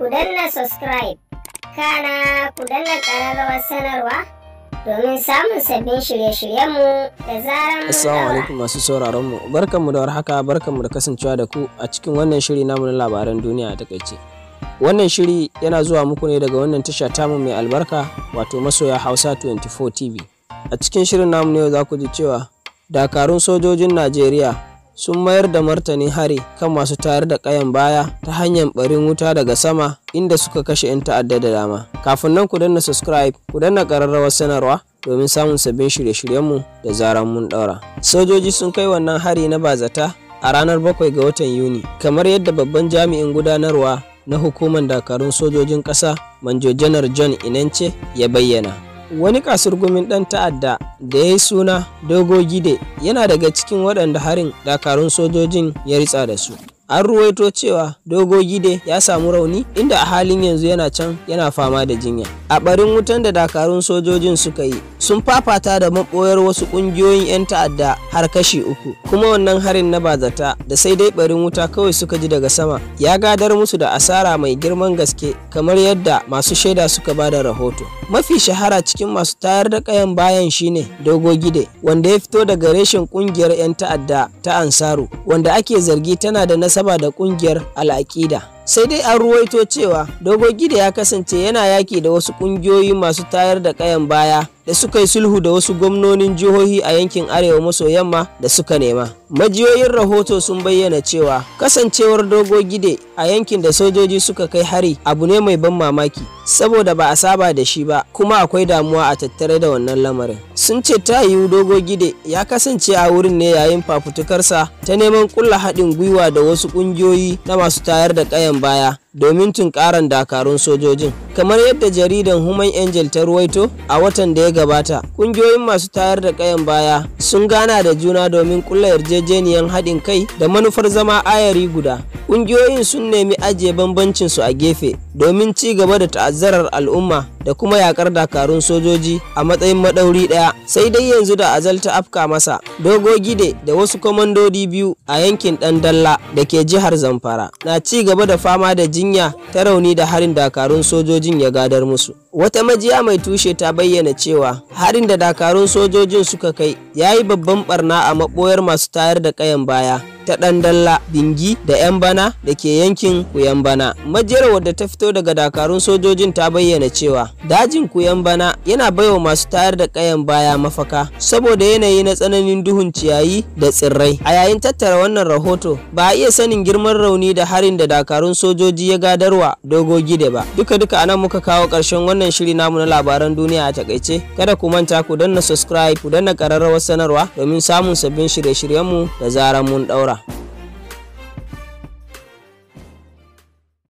ku danna subscribe kana ku danna sanarwa domin samun sabbin shirye-shiryenmu da Assalamu alaikum masu sauraron mu barkanmu da warhaka barkanmu da kasancewa da ku a cikin wannan shiri namu na labaran duniya a takaice wannan shiri yana zuwa muku ne daga wannan tasha tamu mai albarka wato masoya Hausa 24 TV a cikin shirin namu ne za ku ji cewa dakarun sojojin Najeriya sun mayar da martanin hari kan masu tayar da ƙayan baya ta hanyar barin wuta daga sama inda suka kashe 'yan ta'adda da dama. Kafin nan ku danna subscribe, ku danna ƙararrawar sanarwa domin samun sabbin shirye-shiryenmu da zaran mun ɗaura. Sojoji sun kai wannan hari na bazata a ranar bakwai ga watan Yuni, kamar yadda babban jami'in gudanarwa na hukumar dakarun sojojin ƙasa manjo janar john inance ya bayyana wani kasurgumin ɗan ta'adda da ya yi suna dogo gide yana daga cikin waɗanda harin dakarun sojojin ya ritsa da su an ruwaito cewa dogo gide ya samu rauni inda a halin yanzu yana can yana fama da jinya a ɓarin wutan da dakarun sojojin suka yi sun fafata da maboyar wasu kungiyoyin 'yan ta'adda har kashi uku kuma wannan harin na bazata da sai dai barin wuta kawai suka ji daga sama ya gadar musu da asara mai girman gaske kamar yadda masu shaida suka ba da rahoto mafi shahara cikin masu tayar da kayan bayan shine dogo gide wanda ya fito daga reshen kungiyar 'yan ta'adda ta ansaru wanda ake zargi tana da nasaba da kungiyar al'aƙida sai dai an ruwaito cewa dogo gide ya kasance yana yaki da wasu kungiyoyi masu tayar da kayan baya da suka yi sulhu da wasu gwamnonin jihohi a yankin arewa maso yamma da suka nema majiyoyin rahoto sun bayyana cewa kasancewar dogogide a yankin da sojoji suka kai hari abu ne mai ban mamaki saboda ba a saba da shi ba kuma akwai damuwa a tattare da wannan lamarin sun ce ta yiwu dogogide ya kasance a wurin ne yayin fafutukarsa ta neman kulla haɗin gwiwa da wasu ƙungiyoyi na masu tayar da ƙayan baya. domin tunkaran dakarun sojojin kamar yadda jaridan human angel ta ruwaito a watan da ya gabata kungiyoyin masu tayar da kayan baya sun gana da juna domin kulla yarjejeniyar haɗin kai da manufar zama ayari guda kungiyoyin sun nemi ajiye bambancin su a gefe domin ci gaba da ta'azzarar al'umma da kuma yakar dakarun sojoji a matsayin maɗauri ɗaya, sai dai yanzu da azal ta afka masa dogo gide da wasu kwamandodi biyu a yankin Dalla, da ke jihar zamfara na ci gaba da fama da ji jinya ta rauni da harin dakarun sojojin ya gadar musu. Wata majiya mai tushe ta bayyana cewa harin da dakarun sojojin suka kai ya yi babban barna a maɓoyar masu tayar da kayan baya ta ɗanɗalla, bingi da 'yan bana da ke yankin kuyan bana majiyar wadda ta fito daga dakarun sojojin ta bayyana cewa dajin kuyan bana yana baiwa masu tayar da kayan baya mafaka saboda yanayi na tsananin duhun ciyayi da tsirrai a yayin tattara wannan rahoto ba a iya sanin girman rauni da harin da dakarun sojoji ya gadarwa dogogi da ba duka duka anan muka kawo ƙarshen wannan shiri namu na labaran duniya a takaice kada ku manta ku danna subscribe ku danna ƙararrawar sanarwa domin samun sabbin shirye-shiryenmu da zarar mun ɗaura.